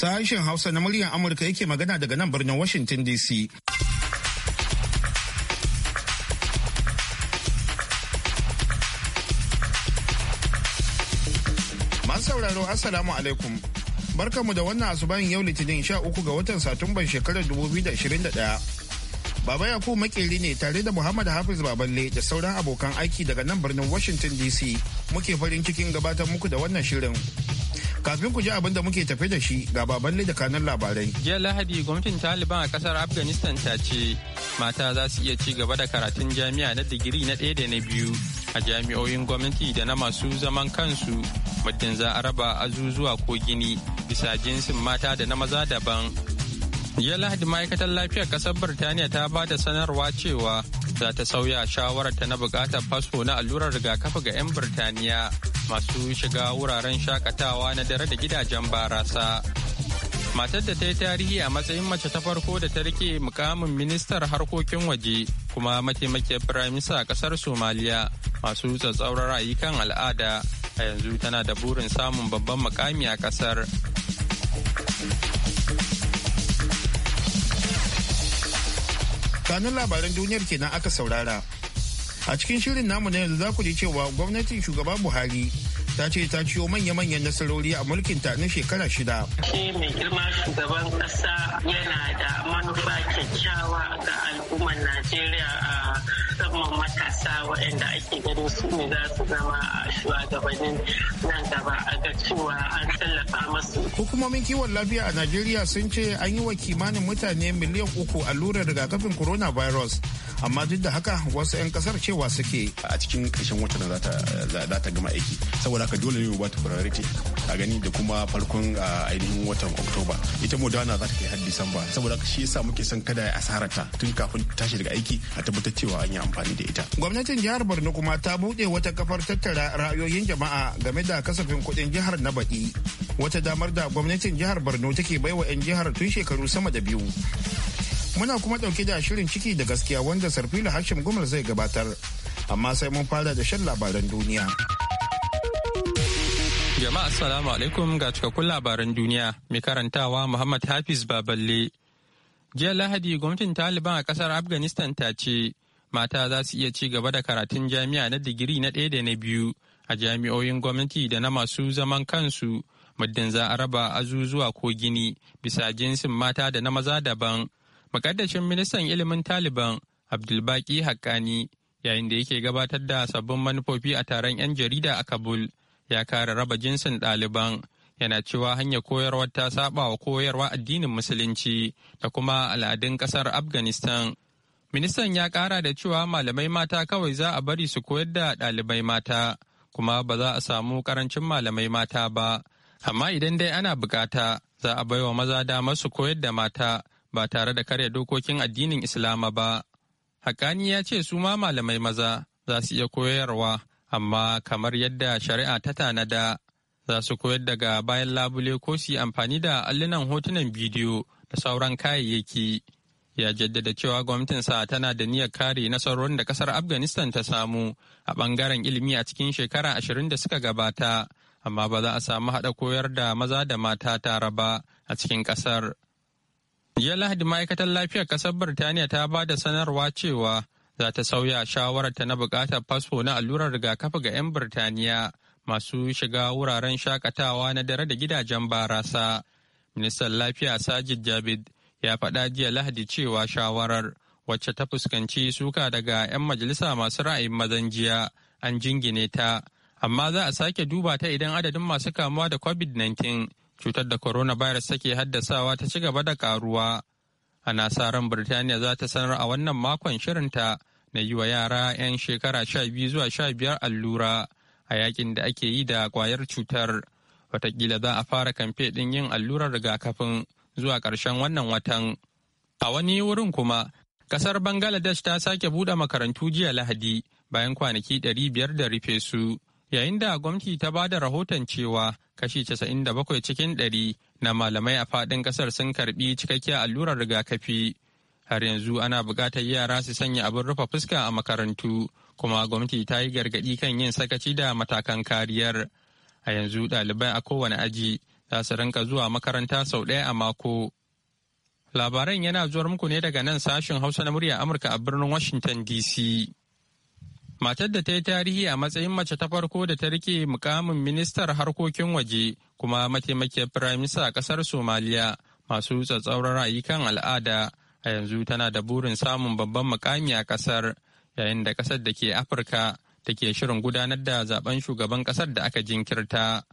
Sashen Hausa na muryar Amurka yake magana daga nan birnin Washington DC. Masu sauraro Assalamu alaikum. Barkamu da wannan asuban yau Litinin 13 ga watan Satumban shekarar 2021. Baba Yakubu makeri ne tare da Muhammad Hafiz Baballe da sauran abokan aiki daga nan birnin Washington DC. Muke farin cikin gabatar muku da wannan shirin kafin ku ji abin da muke tafe da shi ga baban da kanan labarai. Jiya Lahadi gwamnatin Taliban a kasar Afghanistan ta ce mata za su iya ci gaba da karatun jami'a na digiri na ɗaya da na biyu a jami'o'in gwamnati da na masu zaman kansu muddin za a raba azuzuwa ko gini bisa jinsin mata da na maza daban. Jiya Lahadi ma'aikatar lafiyar kasar Birtaniya ta ba da sanarwa cewa za ta sauya shawararta na bukatar fasfo na allurar rigakafi ga 'yan Birtaniya. masu shiga wuraren shakatawa na dare da gidajen barasa. Matar da ta yi tarihi a matsayin mace ta farko da ta rike mukamin ministar harkokin waje kuma mataimakiyar firaminista a kasar Somaliya masu tsatsauran ra'ayi kan al'ada a yanzu tana da burin samun babban mukami a kasar. Kanun labaran duniyar kenan aka saurara. a cikin shirin namu na yanzu za ku ji cewa gwamnatin shugaba buhari ta ce ta ciyo manya-manyan nasarori a ta na shekara shida. Shi mai girma shugaban ƙasa yana da manufa kyakkyawa ga al'ummar Najeriya a musamman matasa waɗanda ake ganin su ne za su zama a shugabannin nan gaba a ga cewa an tallafa masu. Hukumomin kiwon lafiya a Najeriya sun ce an yi wa kimanin mutane miliyan uku allurar rigakafin coronavirus amma duk da haka wasu 'yan kasar cewa suke a cikin ƙarshen watan za ta gama aiki saboda haka dole ne ba ta priority a gani da kuma farkon ainihin watan oktoba ita modana za ta kai har disamba saboda haka shi yasa muke son kada ya asarata tun kafin tashi daga aiki a tabbatar cewa an yi amfani da ita gwamnatin jihar borno kuma ta buɗe wata kafar tattara ra'ayoyin jama'a game da kasafin kuɗin jihar na baɗi wata damar da gwamnatin jihar borno take baiwa 'yan jihar tun shekaru sama da biyu Muna kuma ɗauke da shirin ciki da gaskiya wanda Sarfila Hashim Gumal zai gabatar. Amma sai mun fara da shan labaran duniya. Jama'a Assalamu alaikum ga cikakkun labaran duniya mai karantawa Muhammad Hafiz Baballe. Jiya Lahadi gwamnatin Taliban a kasar Afghanistan ta ce mata za su iya ci gaba da karatun jami'a na digiri na ɗaya da na biyu a jami'oyin gwamnati da na masu zaman kansu muddin za a raba azuzuwa ko gini bisa jinsin mata da na maza daban Makaddashin ministan ilimin Taliban Abdulbaki hakani yayin da yake gabatar da sabbin manufofi a taron 'yan jarida a Kabul ya kare raba jinsin ɗaliban yana cewa hanyar koyarwa ta saba wa koyarwa addinin musulunci da kuma al'adun ƙasar Afghanistan. Ministan ya kara da cewa malamai mata kawai za a bari su koyar da ɗalibai mata. kuma ba za a samu karancin malamai mata ba amma idan dai ana bukata za a baiwa maza damar su koyar da mata ba tare da karya dokokin addinin Islama ba. Hakani ya ce su ma malamai maza za su iya koyarwa, amma kamar yadda shari'a ta tanada za su koyar daga bayan labule ko su yi amfani da allunan hotunan bidiyo da sauran kayayyaki. Ya jaddada cewa gwamnatinsa tana da niyyar kare nasarorin da kasar Afghanistan ta samu a ɓangaren ilimi a cikin shekara ashirin da suka gabata, amma ba za a samu haɗa koyar da maza da mata tare ba a cikin ƙasar. jiya lahadi ma'aikatar lafiyar ƙasar birtaniya ta ba da sanarwa cewa za ta sauya ta na buƙatar fasfo na allurar rigakafi ga 'yan birtaniya masu shiga wuraren shakatawa na dare da gidajen barasa ministan lafiya sajid javid ya faɗa jiya lahadi cewa shawarar wacce ta fuskanci suka daga 'yan majalisa masu ra'ayin mazan jiya an jingine ta amma za a sake duba ta idan adadin masu kamuwa da covid-19 cutar da coronavirus take haddasawa ta ci gaba da karuwa ana sa ran birtaniya za ta sanar a wannan makon shirinta na yi wa yara 'yan shekara sha zuwa sha allura a yakin da ake yi da kwayar cutar watakila za a fara kamfe din yin allurar rigakafin zuwa ƙarshen wannan watan a wani wurin kuma kasar bangladesh ta sake buɗe makarantu jiya lahadi bayan kwanaki 500 da rufe su yayin da gwamnati ta ba da rahoton cewa kashi 97 cikin 100 na malamai a faɗin ƙasar sun karbi cikakkiyar allurar rigakafi har yanzu ana buƙatar yara su sanya abin rufe fuska a makarantu kuma gwamnati ta yi gargaɗi kan yin sakaci da matakan kariyar a yanzu ɗalibai a kowane aji za su rinka zuwa makaranta sau ɗaya a mako labaran yana zuwar muku ne daga nan sashen hausa na murya amurka a birnin washington dc matar da ta yi tarihi a matsayin mace ta farko da ta rike mukamin ministar harkokin waje kuma mataimakiyar firaminista a kasar somaliya masu tsatsauran ra'ayi al'ada a yanzu tana da burin samun babban mukami a kasar yayin da kasar da ke afirka ke shirin gudanar da zaben shugaban kasar da aka jinkirta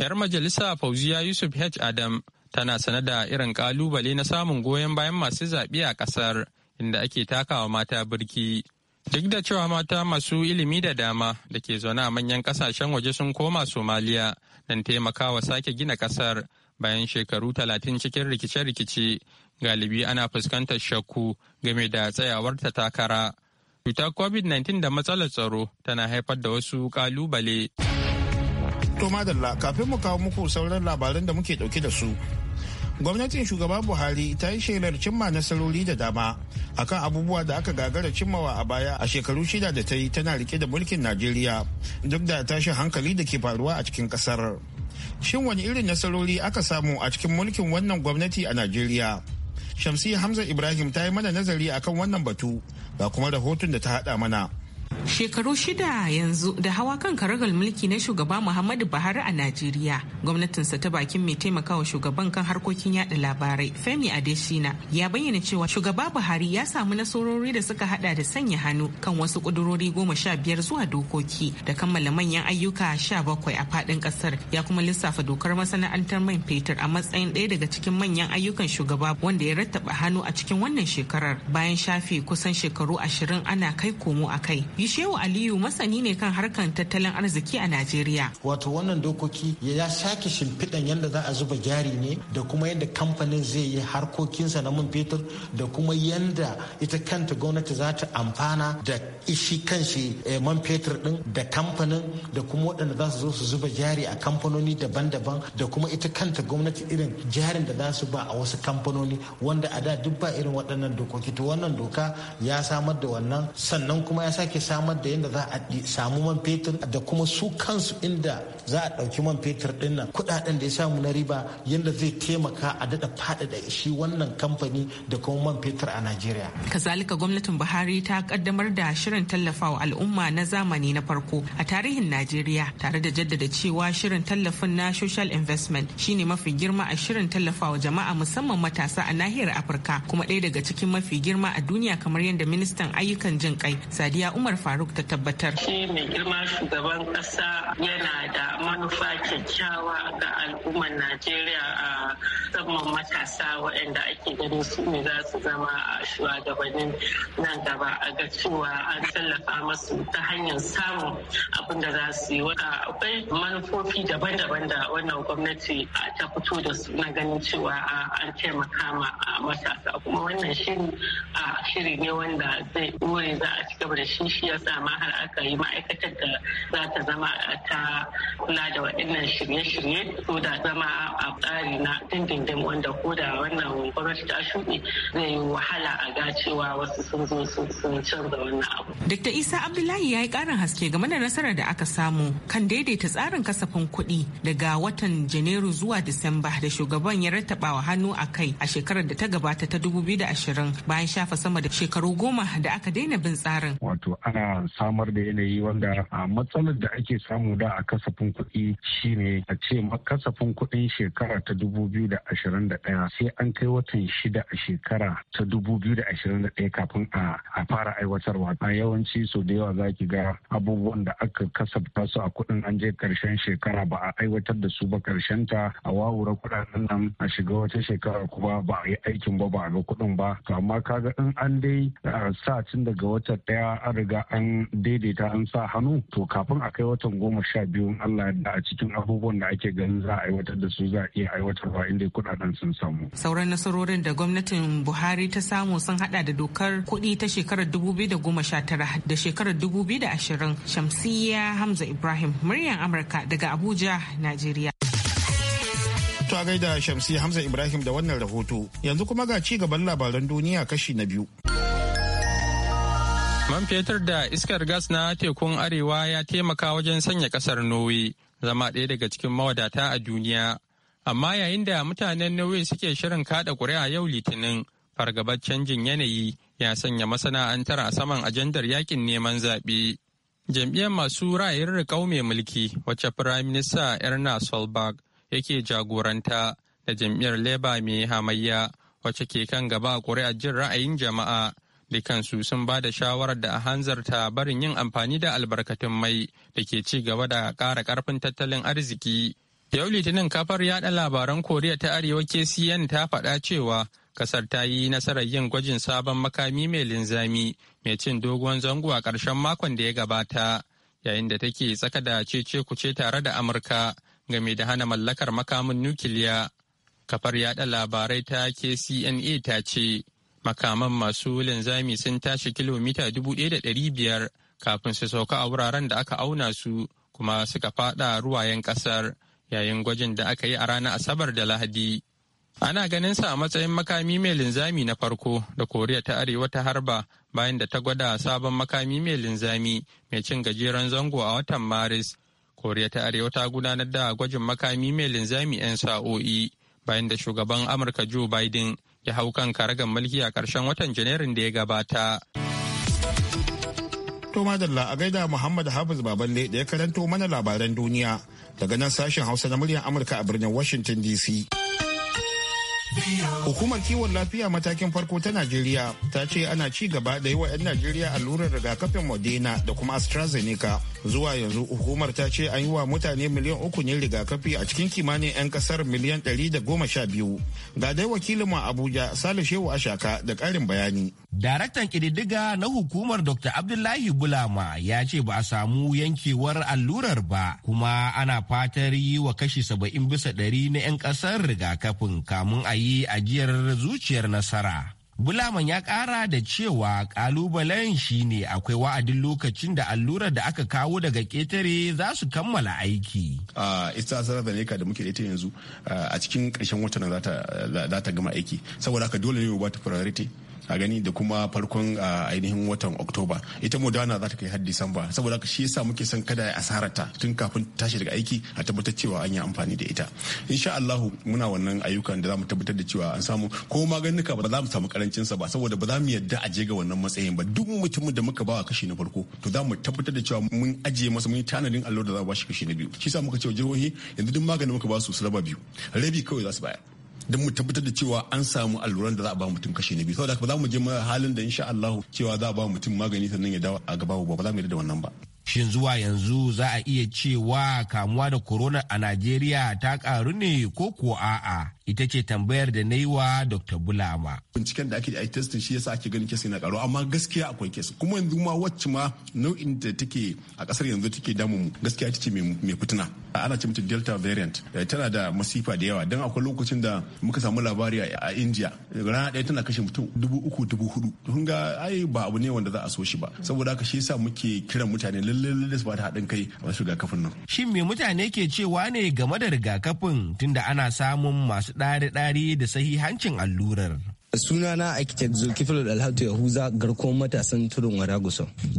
yar majalisa fauziya yusuf h adam tana sane da irin kalubale na samun goyon bayan masu zaɓe a kasar inda ake takawa mata birki Duk da cewa mata masu ilimi da dama da ke zaune a manyan kasashen waje sun koma Somaliya don taimakawa sake gina kasar bayan shekaru talatin cikin rikice-rikice galibi ana fuskantar shakku game da tsayawar ta takara. Cutar COVID-19 da matsalar tsaro tana haifar da wasu kalubale. To madalla kafin mu kawo muku sauran labaran da muke dauke da su gwamnatin shugaba buhari ta yi shelar cimma nasarori da dama akan abubuwa da aka gagara cimmawa a baya a shekaru shida da ta yi tana rike da mulkin najeriya duk da tashin hankali da ke faruwa a cikin kasar shin wani irin nasarori aka samu a cikin mulkin wannan gwamnati a najeriya shamsi hamza ibrahim ta yi mana nazari akan wannan batu ga kuma rahoton da ta haɗa mana Shekaru shida yanzu da hawa kan karagar mulki na shugaba Muhammadu Buhari a Najeriya. Gwamnatinsa ta bakin mai taimakawa shugaban kan harkokin yada labarai Femi Adesina ya bayyana cewa shugaba Buhari ya samu nasarori da suka hada da sanya hannu kan wasu kudurori goma sha biyar zuwa dokoki da kammala manyan ayyuka sha bakwai a fadin kasar ya kuma lissafa dokar masana'antar man fetur a matsayin ɗaya daga cikin manyan ayyukan shugaba wanda ya rattaba hannu a cikin wannan shekarar bayan shafe kusan shekaru ashirin ana kai komo a kai. Bishewu Aliyu masani ne kan harkar tattalin arziki a Najeriya. Wato wannan dokoki ya sake shimfiɗan yadda za a zuba jari ne da kuma yadda kamfanin zai yi harkokinsa na man fetur da kuma yadda ita kanta gwamnati za ta amfana da ishi kanshi eh, man fetur ɗin da kamfanin da kuma waɗanda za su zo su zuba jari a kamfanoni daban-daban da kuma ita kanta gwamnati irin jarin da za su ba a wasu kamfanoni wanda a da duk ba irin waɗannan dokoki to wannan doka ya samar da wannan sannan kuma ya sake samar da yadda za a samu man fetur da kuma su kansu inda za a ɗauki man fetur ɗin nan kuɗaɗen da ya samu na riba yadda zai taimaka a daɗa faɗaɗa shi wannan kamfani da kuma man fetur a Najeriya. Kazalika gwamnatin Buhari ta kaddamar da shirin tallafawa al'umma na zamani na farko a tarihin Najeriya tare da jaddada cewa shirin tallafin na social investment shine mafi girma a shirin tallafawa jama'a musamman matasa a nahiyar Afirka kuma ɗaya daga cikin mafi girma a duniya kamar yadda ministan ayyukan jin kai Sadiya Umar faruk ta tabbatar shi mai girma shugaban kasa yana da manufa kyakkyawa ga al'ummar najeriya a saman matasa waɗanda ake ganin su ne za su zama a shugabannin nan gaba a ga cewa an tallafa masu ta hanyar samun abin da za su yi wata akwai manufofi daban-daban da wannan gwamnati ta fito da su na ganin cewa an taimaka ma matasa kuma wannan shiri a shiri ne wanda zai dore za a ci gaba da shi ya sa ma har aka yi ma'aikatar da za ta zama ta kula da waɗannan shirye-shirye ko da zama a tsari na dindindin wanda ko da wannan gwamnati ta shuɗe zai yi wahala a ga cewa wasu sun zo sun canza wannan abu. Dr. Isa Abdullahi ya yi ƙarin haske game da nasarar da aka samu kan daidaita tsarin kasafin kuɗi daga watan Janairu zuwa Disamba da shugaban ya wa hannu a kai a shekarar da ta gabata ta 2020 bayan shafa sama da shekaru goma da aka daina bin tsarin. Wato ana samar da yanayi wanda a matsalar da ake samu da a kasafin kuɗi shine a ce kasafin kuɗin shekara ta ɗaya sai an kai watan shida a shekara ta ɗaya kafin a fara aiwatarwa a yawanci so da yawa za ki ga abubuwan da aka kasafta su a kuɗin an je karshen shekara ba a aiwatar da su ba karshen ta a wawura kuɗaɗen nan a shiga wata shekara kuma ba a yi aikin ba ba a ga kuɗin ba to amma kaga in an dai sa tun daga wata ɗaya an riga an daidaita an sa hannu to kafin a kai watan goma sha biyu Allah da a cikin abubuwan da ake ganin za a aiwatar da su za a iya aiwatarwa inda kudaden sun samu. Sauran nasarorin da gwamnatin Buhari ta samu sun hada da dokar kuɗi ta shekarar 2019 da shekarar ashirin Shamsiyya Hamza Ibrahim muryar Amurka daga Abuja, Najeriya. Ta gaida shamsi Hamza Ibrahim da wannan rahoto yanzu kuma ga ci gaban labaran duniya kashi na biyu. Man fetur da iskar gas na tekun Arewa ya taimaka wajen sanya kasar Norway zama ɗaya daga cikin mawadata a duniya. Amma yayin da mutanen Norway suke shirin kada ƙuri'a yau Litinin, fargabar canjin yanayi ya sanya masana'antar a saman ajandar yakin neman zaɓe. Jam'iyyar masu ra'ayin riƙau mai mulki wacce Firayim Minista Erna Solberg yake jagoranta da jam'iyyar Labour mai hamayya wacce ke kan gaba a ƙuri'ar jin ra'ayin jama'a dukansu sun ba da shawarar da a hanzarta barin yin amfani da albarkatun mai da ke ci gaba da ƙara ƙarfin tattalin arziki. Yau Litinin kafar yada labaran Koriya ta Arewa KCN ta faɗa cewa ƙasar ta yi nasarar yin gwajin sabon makami mai linzami mai cin doguwan zango a ƙarshen makon da ya gabata yayin da take tsaka da cece kuce tare da Amurka game da hana mallakar makamin nukiliya. Kafar yada labarai ta KCNA ta ce makaman masu linzami sun tashi kilomita biyar kafin su sauka a wuraren da aka auna su kuma suka fada ruwayen kasar yayin gwajin da aka yi a ranar asabar da lahadi ana ganin sa a matsayin makami mai linzami na farko da koriya ta arewa ta harba bayan da ta gwada sabon makami mai linzami mai cin gajeren zango a watan maris koriya ta arewa ta gudanar da gwajin makami mai linzami 'yan sa'o'i bayan da shugaban amurka joe biden ya hau kan karagan mulki a karshen watan janairun da ya gabata. To madalla a gaida Muhammad Hafiz Baballe da ya karanto mana labaran duniya daga nan sashen Hausa na muryar Amurka a birnin Washington DC. Hukumar kiwon lafiya matakin farko ta Najeriya ta ce ana ci gaba da yi wa 'yan Najeriya allurar rigakafin Modena da kuma AstraZeneca. Zuwa yanzu hukumar ta ce an yi wa mutane miliyan uku ne rigakafi a cikin kimanin 'yan kasar miliyan ɗari da goma sha biyu. Ga dai wakilin a Abuja Sale Shehu Ashaka da karin bayani. Daraktan ƙididdiga na hukumar Dr. Abdullahi Bulama ya ce ba a samu yankewar allurar ba kuma ana fatar yi wa kashi 70 bisa 100 na 'yan ƙasar rigakafin kamun a yi yi ajiyar zuciyar nasara. Bulaman ya ƙara da cewa ƙalubalen shi ne akwai wa'adin lokacin da allurar da aka kawo daga ƙetare za su kammala aiki. A ita AstraZeneca da muke ita yanzu a cikin ƙarshen watan za ta gama aiki. Saboda haka dole ne ba ta priority. a gani da kuma farkon a ainihin watan oktoba ita modana za ta kai har disamba saboda haka shi yasa muke son kada ya ta tun kafin tashi daga aiki a tabbatar cewa an yi amfani da ita insha allahu muna wannan ayyukan da za mu tabbatar da cewa an samu ko maganuka ba za mu samu karancin sa ba saboda ba za mu yadda a je ga wannan matsayin ba duk mutumin da muka bawa kashi na farko to za mu tabbatar da cewa mun ajiye masa mun yi tanadin allo da za mu bashi kashi na biyu shi sa muka ce jihohi yanzu duk maganin muka ba su su raba biyu rabi kawai za su baya. don mu tabbatar da cewa an samu alluran da za a ba mutum kashe na biyu saboda ba za mu je halin da insha Allah cewa za a ba mutum magani sannan ya dawo a gaba ba ba za mu yarda da wannan ba Shin zuwa yanzu za a iya cewa kamuwa da korona a Najeriya ta karu ne ko kuwa a'a? Ita ce tambayar da na yi wa Dr. Bulama. Binciken da ake da testin shi yasa ake ganin kesi na karu amma gaskiya akwai kesi kuma yanzu ma wacce ma nau'in da take a kasar yanzu take damu gaskiya ita ce mai fitina. Ana ce mata Delta variant eh, tana da masifa da yawa don akwai lokacin da muka samu labari a India rana ɗaya tana kashe mutum dubu uku dubu hudu. Kun ga ai ba abu ne wanda za a so shi ba saboda haka shi yasa muke kiran mutane lalle su ba ta haɗin kai a wasu rigakafin nan. Shin me mutane ke cewa ne game da rigakafin tunda ana samun masu ɗari-ɗari da sahihancin allurar? sunana architect zulkifil alhatu yahuza garkon matasan turin wara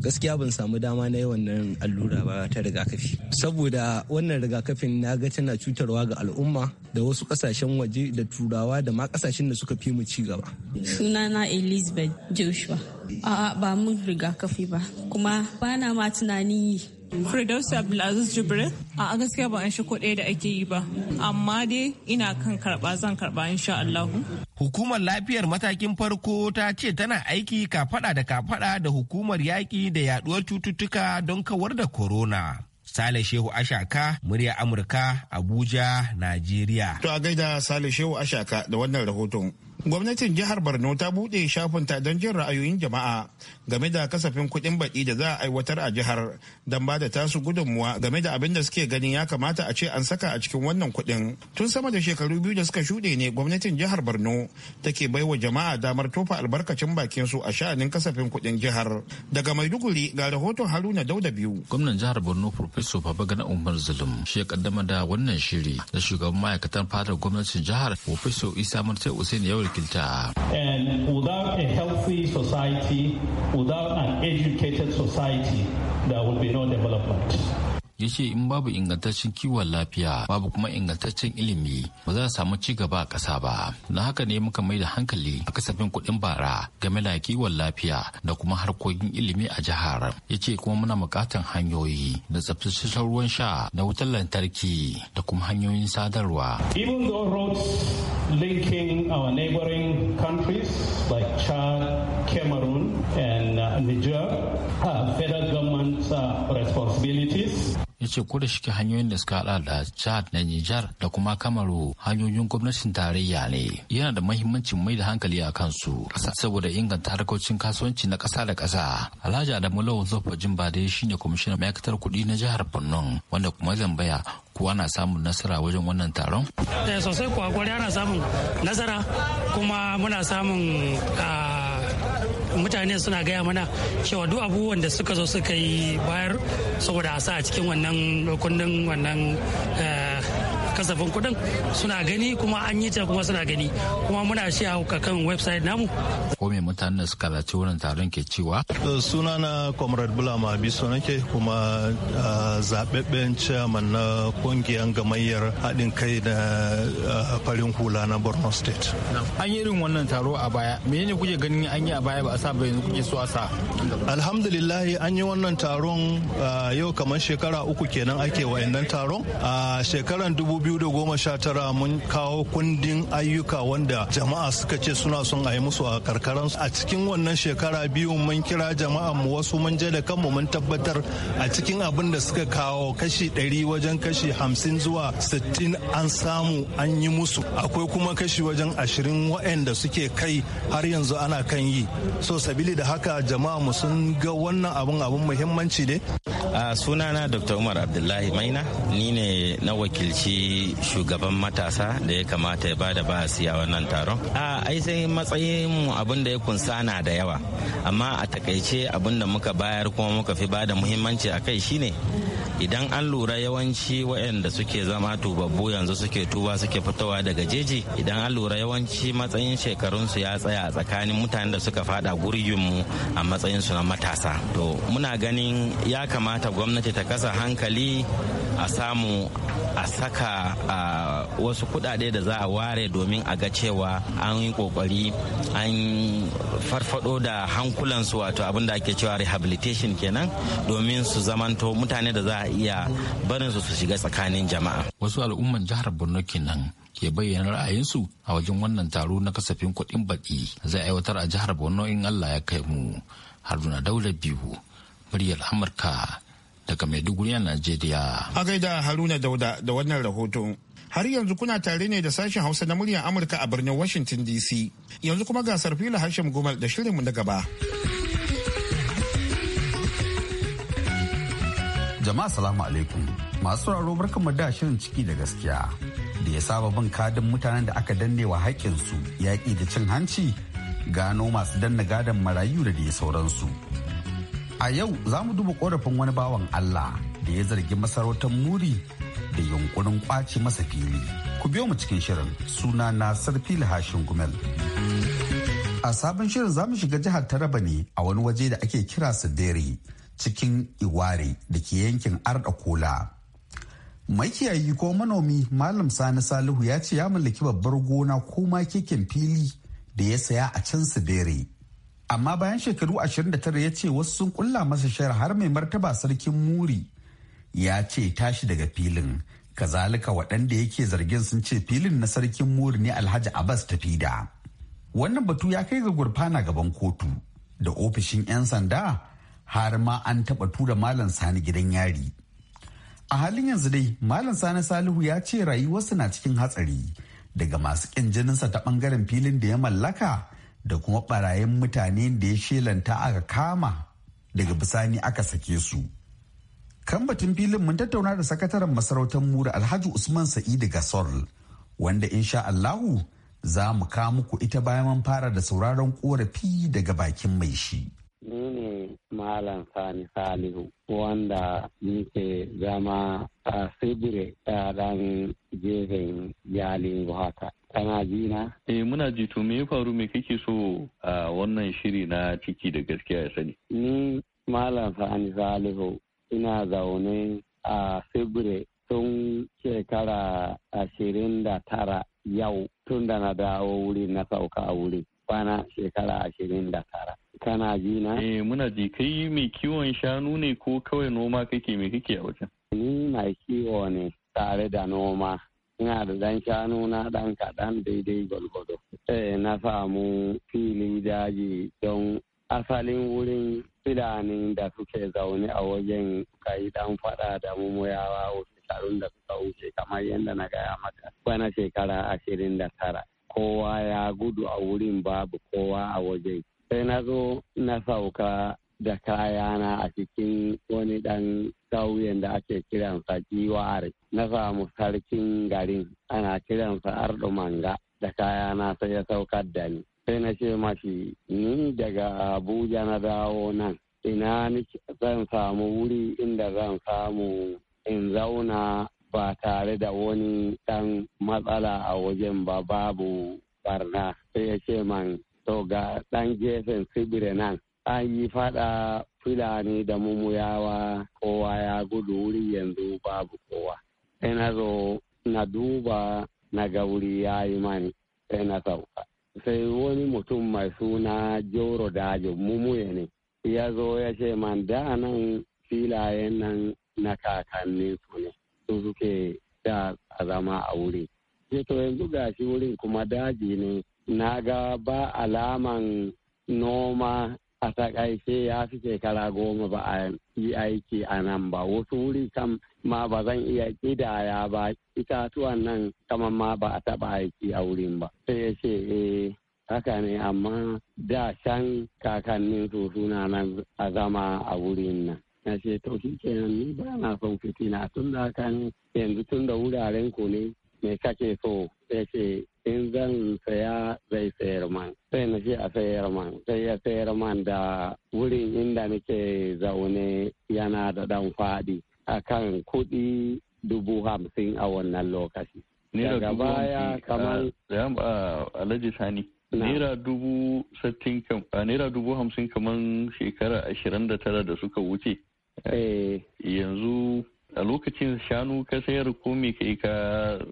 gaskiya ban samu dama na yi wannan allura ba ta rigakafi saboda wannan rigakafin na ga tana cutarwa ga al'umma da wasu kasashen waje da turawa da ma kasashen da suka fi mu ci gaba sunana elizabeth joshua A'a ba mun rigakafi ba kuma ba na ma tunani yi. Firdausi Abdulaziz Jibril a gaskiya ba an shi ɗaya da ake yi ba amma dai ina kan karɓa zan karɓa insha Allah. Hukumar lafiyar matakin farko ta ce tana aiki ka fada da ka kafaɗa da hukumar yaƙi da yaɗuwar cututtuka don kawar da corona. Sale Shehu Ashaka, murya Amurka, Abuja, Najeriya. To a gaida Sale Shehu Ashaka da wannan rahoton. gwamnatin jihar borno ta buɗe shafinta don jin ra'ayoyin jama'a game da kasafin kuɗin baƙi da za a aiwatar a jihar don ba da tasu gudunmuwa game da abin da suke ganin ya kamata a ce an saka a cikin wannan kuɗin tun sama da shekaru biyu da suka shuɗe ne gwamnatin jihar borno take baiwa jama'a damar tofa albarkacin bakin su a sha'anin kasafin kuɗin jihar daga maiduguri ga rahoton haruna dauda biyu gwamnan jihar borno professor babagana umar zulum shi ya kaddama da wannan shiri da shugaban ma'aikatan fadar gwamnatin jihar professor isa martai usain yawar And without a healthy society, without an educated society, there will be no development. ya ce in babu ingantaccen kiwon lafiya babu kuma ingantaccen ilimi ba za a samu ci gaba a ƙasa ba na haka ne muka mai da hankali a kasafin kuɗin bara game da kiwon lafiya da kuma harkokin ilimi a jihar ya ce kuma muna buƙatan hanyoyi da tsaftataccen ruwan sha da wutar lantarki da kuma hanyoyin sadarwa. Even though roads linking our neighboring countries like Chad, Cameroon and uh, Niger are federal government's uh, responsibility ya ce ko da shike hanyoyin da suka hada da chad da nijar da kuma kamaru hanyoyin gwamnatin tarayya ne yana da mahimmancin mai da hankali a kansu saboda inganta harkokin kasuwanci na kasa da kasa. alhaji adamu lawan zofa jin ba dai shine kwamishinan ma'aikatar kuɗi na jihar borno wanda kuma zambaya kuwa na samun nasara wajen wannan taron eh, sosai kuwa ana samun nasara kuma muna samun ah, mutane suna gaya mana cewa duk abubuwan da suka zo suka yi bayar saboda a sa a cikin wannan kundin wannan eh, kasafin kudin suna gani kuma an yi ta kuma suna gani kuma muna shi hauka kan website namu. Ko me mutanen da suka zaci wurin taron ke cewa? Eh, sunana Comrade Bulama biso nake kuma eh, zaɓaɓɓen chairman na kungiyar gamayyar haɗin kai da eh, farin hula na Borno State. An yi irin wannan taro a baya, menene kuke ganin an yi a baya ba a sa ba yanzu kuke so a sa? Alhamdulillah an yi wannan taron yau kamar shekara uku kenan ake wa'annan taron. A shekaran dubu 2019 mun kawo kundin ayyuka wanda jama'a suka ce suna son a yi musu a karkaran a cikin wannan shekara biyu mun kira jama'a mu wasu mun je da kanmu mun tabbatar a cikin abin da suka kawo kashi 100 wajen kashi 50 zuwa 60 an samu an yi musu akwai kuma kashi wajen 20 waɗanda suke kai har yanzu ana kan yi so sabili da haka jama'a mu sun ga wannan abin abin muhimmanci ne sunana dr umar abdullahi maina ni ne na wakilci shugaban matasa da ya kamata ya bada ba a wannan taron a ai sai matsayin mu abin da ya kunsa na da yawa amma a takaice abin da muka bayar kuma muka fi bada muhimmanci a kai shine idan an lura yawanci waɗanda suke zama tubabbu yanzu suke tuba suke fitowa daga jeji idan an lura yawanci matsayin shekarunsu ya tsaya tsakanin mutanen da suka fada gurginmu a matsayin su na matasa to muna ganin ya kamata gwamnati ta kasa hankali a samu a saka a wasu kudade da za a ware domin a ga cewa an yi kokari an farfado da hankulansu wato abin da ake cewa rehabilitation kenan domin su zamanto mutane da za a iya barin su su shiga tsakanin jama'a wasu al'umman jihar borno kenan ke bayyana ra'ayinsu a wajen wannan taro na kasafin kuɗin baɗi zai aiwatar a jihar borno in allah ya kai mu haruna daula biyu muryar amurka daga maiduguri a najeriya a gaida haruna dauda da wannan rahoton har yanzu kuna tare ne da sashen hausa na muryar amurka a birnin washington dc yanzu kuma gasar fila hashim gumal da shirinmu na gaba Jama'a salamu alaikum. Masu sauraro barkanmu da shirin ciki da gaskiya. Da ya saba bin kadin mutanen da aka danne wa haƙƙinsu yaƙi da cin hanci gano masu danna gadon marayu da dai sauransu. A yau za mu duba korafin wani bawan Allah da ya zargi masarautar muri da yunkurin ƙwace masa fili. Ku biyo mu cikin shirin suna na Sarfil Hashin Gumel. A sabon shirin za mu shiga jihar Taraba ne a wani waje da ake kira Dere. cikin iware da ke yankin arda kola makiyayi ko manomi malam sani salihu ya ce ya mallaki babbar gona ko ma keken fili da ya saya a can dare. amma bayan shekaru ashirin da tara, ya ce wasu sun kulla masa shayar har mai martaba sarkin muri ya ce tashi daga filin kazalika waɗanda yake zargin sun ce filin na sarkin muri ne alhaji abbas tafida wannan batu ya kai ga gurfana gaban kotu da ofishin 'yan sanda har ma an taɓa tura malam sani gidan yari a halin yanzu dai malam sani salihu ya ce rayuwarsa na cikin hatsari daga masu ƙin jininsa ta ɓangaren filin da ya mallaka da kuma ɓarayin mutane da ya shelanta aka kama daga bisani aka sake su kan batun filin mun tattauna da sakataren masarautar mura alhaji usman sa'idu gasol wanda insha allahu za mu kawo muku ita bayan mun fara da sauraron korafi daga bakin mai shi Malam Sani Salihu wanda muke zama a Sibire a ɗan jefen yalin haka. Kana ji na? Eh muna ji to me ya faru me kake so a wannan shiri na ciki da gaskiya ya sani? Ni Malam Sani Salihu ina zaune a Sibire tun shekara ashirin da tara yau tun da na dawo wuri na sauka a wuri. kwana shekara ashirin da tara. Kana ji Eh muna ji kai mai kiwon shanu ne ko kawai noma kake mai kake a wajen? Ni mai kiwo ne tare da noma. Ina da dan shanu na dan kaɗan daidai gwalgwado. Eh na samu filin daji don asalin wurin filanin da suke zaune a wajen ka yi dan faɗa da mummuyawa shekarun da suka wuce kamar yadda na gaya maka. Bana shekara ashirin da tara. kowa ya gudu a wurin babu kowa a waje sai na zo na sauka da kayana a cikin wani ɗan ƙauyen da ake kiransa giwar na samu sarkin garin ana kiransa ardo manga da kayana sai ya sauka da ni sai na ce mashi ni daga abuja na dawo nan ina ni zan samu wuri inda zan samu in zauna ba tare da wani ɗan matsala a wajen ba babu barna sai ya ce man to ga ɗan gefen sibire nan an yi fada fulani da mumuyawa kowa ya gudu wuri yanzu babu kowa sai na zo na duba na ga wuri ya yi mani sai na sauka sai wani mutum mai suna joro dajo mumuye ne ya zo ya ce man da nan filayen nan na kakanni su ne su suke da a zama a wuri. to yanzu ga shi wurin kuma daji ne na ga ba alaman noma a takaice ya fi shekara goma ba a yi aiki a nan ba wasu wuri kam ma ba zan iya kidaya ba itatuwan nan kamar ma ba a taba aiki a wurin ba sai ya ce eh haka ne amma da shan kakannin su suna nan a zama a wurin nan na ce to shi kenan ni ba na son fitina tun da haka yanzu tun da wuraren ku ne me kake so ya ce in zan saya zai sayar man sai na ce a sayar man sai ya sayar man da wurin inda nake zaune yana da dan faɗi kan kuɗi dubu hamsin a wannan lokaci. Daga baya kamar. Alhaji Sani. naira dubu hamsin kamar shekara ashirin da tara da suka wuce Eh. Eh, yanzu a lokacin shanu ka sayar ko me kai ka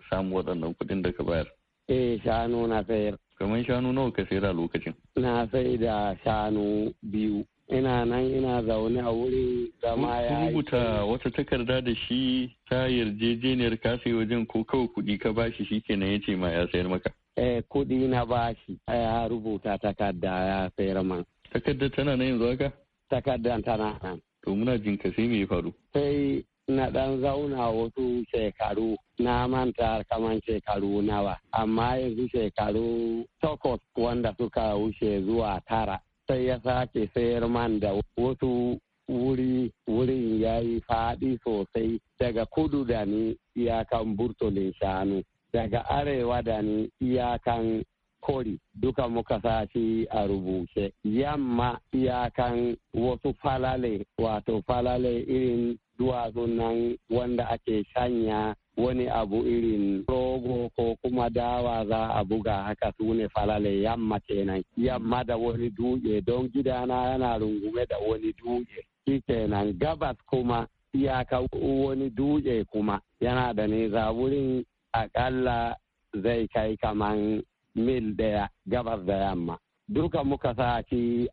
samu waɗannan kuɗin da ka bayar eh shanu na sayar kamar shanu nawa ka sayar a lokacin na sai da shanu biyu ina nan ina zaune a wurin zama ya yi. rubuta wata takarda da shi ta yarjejeniyar ka sai wajen ko kawai kuɗi ka bashi shi kenan ya ce ma ya sayar maka eh kuɗi na bashi ya rubuta takarda ya sayar man takarda tana na yanzu haka takardan tana nan To muna jin ka sai me ya faru? Sai na dan zauna wasu shekaru na manta kaman shekaru nawa amma yanzu shekaru takwas wanda suka wuce zuwa tara sai ya sake sayar man da wasu wuri wurin ya yi faɗi sosai daga kudu da ni iyakan burtolin shanu daga arewa da ni iyakan kori duka muka sashi a rubuce yamma iyakan wasu falale wato falale irin duwatsun nan wanda ake shanya wani abu irin rogo ko kuma dawa za a buga haka su ne falale yamma kenan yamma da wani duke don gidana yana rungume da wani duke shi kenan gabas kuma iyaka wani duke kuma yana da nisa wurin akalla zai kai kaman mil daya gabas da yamma duka muka sa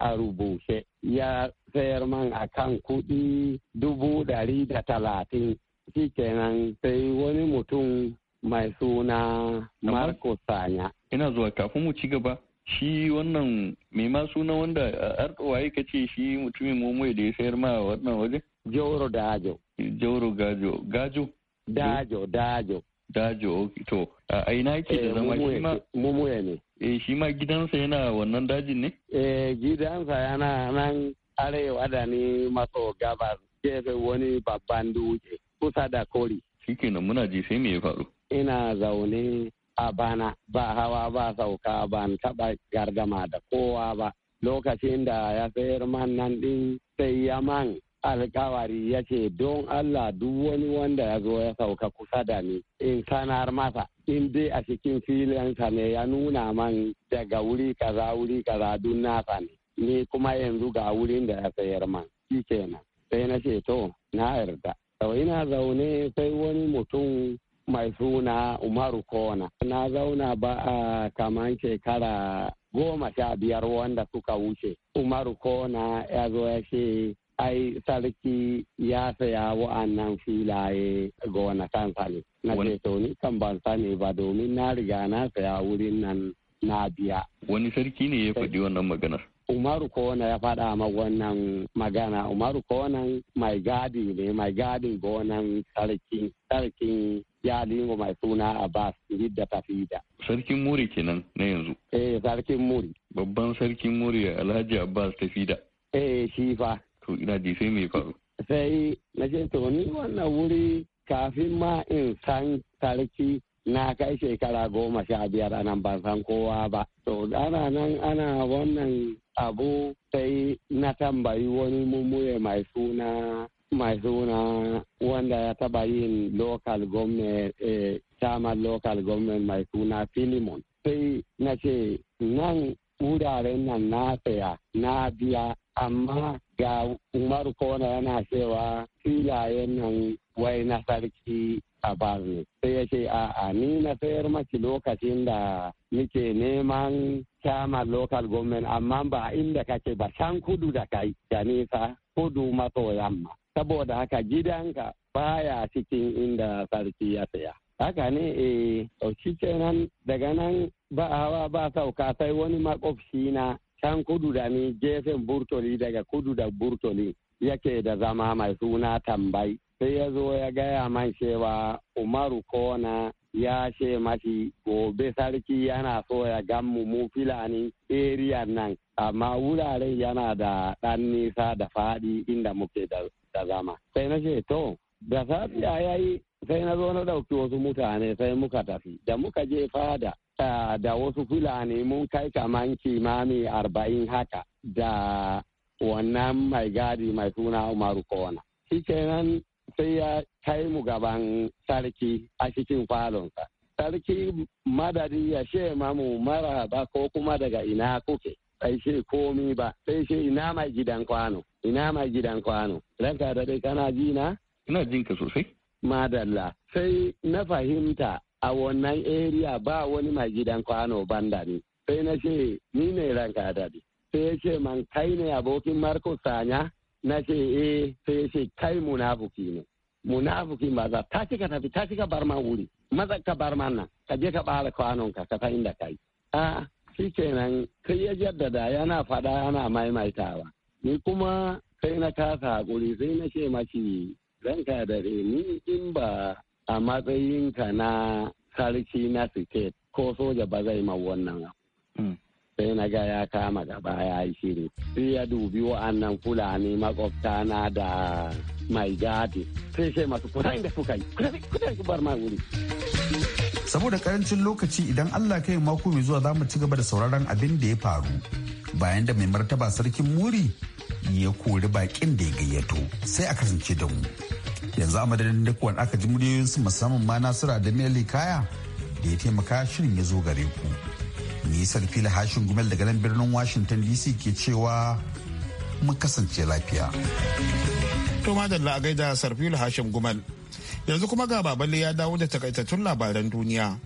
a rubuce ya sayar man a kan kuɗi dubu ɗari da talatin shi kenan sai wani mutum mai suna Marco Sanya. Ina zuwa kafin mu ci gaba shi wannan mai ma suna wanda arɗowaye ka ce shi mutumin momoye da ya sayar ma wannan waje? Jauro Dajo. Jauro Gajo. Gajo? Dajo, Dajo. dajo to a ina yake da eh, zama shi ma mumuya ne eh shi ma gidansa yana wannan dajin ne eh gidansa yana nan arewa da ni maso gabas da wani babban dutse kusa da kori nan muna ji sai me ya faru ina zaune a bana ba hawa ba sauka ban taba gardama da kowa ba lokacin da ya sayar man nan din sai ya man alkawari ya ce don Allah duk wani wanda ya zo ya sauka kusa da ni in sanar masa in dai a cikin filinsa ne ya nuna man daga wuri kaza wuri kaza duk nasa ne ni kuma yanzu ga wurin da ya sayar man shi kenan sai na ce to na yarda sau ina zaune sai wani mutum mai suna umaru kona na zauna ba a kaman shekara goma sha biyar wanda suka wuce umaru kona ya zo ya ce ai sarki ya saya wa'annan filaye gonakansa ne na ce to ni kan ban sani ba domin na riga na saya wurin nan na biya wani sarki ne ya faɗi wannan maganar Umaru Kona ya faɗa ma wannan magana Umaru Kona mai gadi ne mai gadin gonan sarkin sarkin jalingo mai suna Abbas Hidda Tafida. Sarkin Muri kenan na yanzu. Eh sarkin Muri. Babban sarkin Muri Alhaji Abbas Tafida. Eh shi fa to ina ji sai mai faru sai na ce to ni wannan wuri kafin ma in san sarki na kai shekara goma sha biyar a nan ban san kowa ba to ana nan ana wannan abu sai na tambayi wani mummuye mai suna mai suna wanda ya taba yin local government eh, local government mai suna filimon sai na ce nan wuraren nan na saya na biya amma ga umaru kona yana cewa filayen nan wai na sarki a ne sai ya ce a'a ni na sayar maki lokacin da nike neman kama local government amma ba inda kake ba can kudu da kai da nisa kudu maso yamma saboda haka gidanka baya cikin inda sarki ya saya haka ne eh ɗauki kenan daga nan ba hawa ba sauka sai wani makwabci na San kudu da ni gefen burtoli daga kudu da burtoli yake da zama mai suna tambayi. sai ya zo ya gaya man cewa umaru kona ya ce mashi gobe sarki yana so ya gammu mu filani area nan amma wuraren yana da ɗan nisa da faɗi inda muke da zama sai na ce to da safiya ya yi sai na zo na ɗauki wasu mutane sai muka tafi da muka je fada da wasu fulani mun kai kaman kimami arba'in haka da wannan mai gadi mai suna umaru kowana shi kenan sai ya kai mu gaban sarki a cikin falonsa sarki madadi ya she mamu mara ba ko kuma daga ina kuke sai she komi ba sai she ina mai gidan kwano ina mai gidan kwano ranka da dai kana ji Ina jin ka sosai. Madalla, sai na fahimta a wannan area ba wani mai gidan kwano banda ne. Sai na ce, ni ne ranka daɗi. Sai ya ce, man kai ne abokin Marko Sanya? Na ce, eh, sai ya ce, kai munafuki ne. Munafuki maza, ta ka tafi, ta ka bar man wuri. Maza ka bar man nan, ka je ka ɓara kwanonka, ka san inda kai. A, shi kenan, kai ya jaddada yana faɗa yana maimaitawa. Ni kuma sai na kasa hakuri sai na ce mashi ranka da ni in ba a matsayinka na sarki na siket ko soja ba zai ma wannan hmm. sai na ga ya kama gaba ya yi shiri sai ya dubi wa'annan fulani makwabta na da mai gadi sai sai masu inda suka yi su bar ma wuri saboda karancin lokaci idan allah kai mako mai zuwa za mu ci gaba da sauraron abin da ya faru bayan da mai martaba sarkin muri ya kori bakin da ya gayyato sai a kasance da mu yanzu a madadin dakuwan aka ji muryoyinsu musamman ma nasira da meli kaya da ya taimaka shirin ya zo gare ku ni sarfi hashin gumel daga nan birnin washington dc ke cewa mun kasance lafiya to madalla a gaida sarfila hashin gumel yanzu kuma ga baballe ya dawo da takaitattun labaran duniya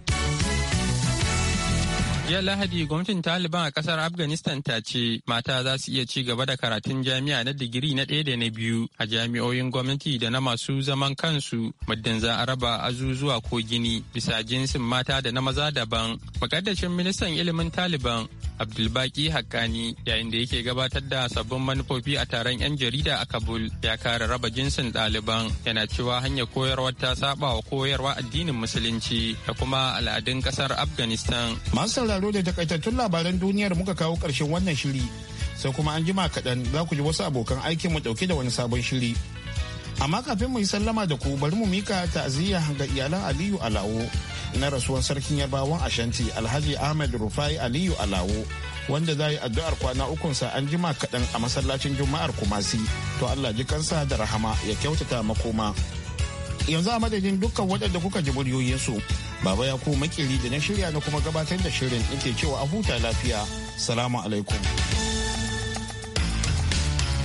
Jiya Lahadi gwamnatin Taliban a kasar Afghanistan ta ce mata za su iya ci gaba da karatun jami'a na digiri na ɗaya da na biyu a jami'oyin gwamnati da na masu zaman kansu muddin za a raba azuzuwa ko gini bisa jinsin mata da na maza daban. Makaddashin ministan ilimin Taliban abdulbaki hakkani yayin da yake gabatar da sabbin manufofi a taron 'yan jarida a kabul ya kare raba jinsin ɗaliban yana cewa hanyar koyarwar ta saba wa koyarwa addinin musulunci da kuma al'adun ƙasar afghanistan masu sauraro da takaitattun labaran duniyar muka kawo ƙarshen wannan shiri sai kuma an jima kaɗan za ku ji wasu abokan aikin mu ɗauke da wani sabon shiri amma kafin mu yi sallama da ku bari mu mika ta'aziyya ga iyalan aliyu alawo na rasuwar sarkin yabawan ashanti alhaji ahmed rufai aliyu alawo wanda za yi addu'ar kwana ukunsa an jima kaɗan a masallacin juma'ar kumasi to allah ji kansa da rahama ya kyautata makoma yanzu a madadin dukkan waɗanda kuka ji su baba ya ku makiri da na shirya na kuma gabatar da shirin nake cewa a huta lafiya salamu alaikum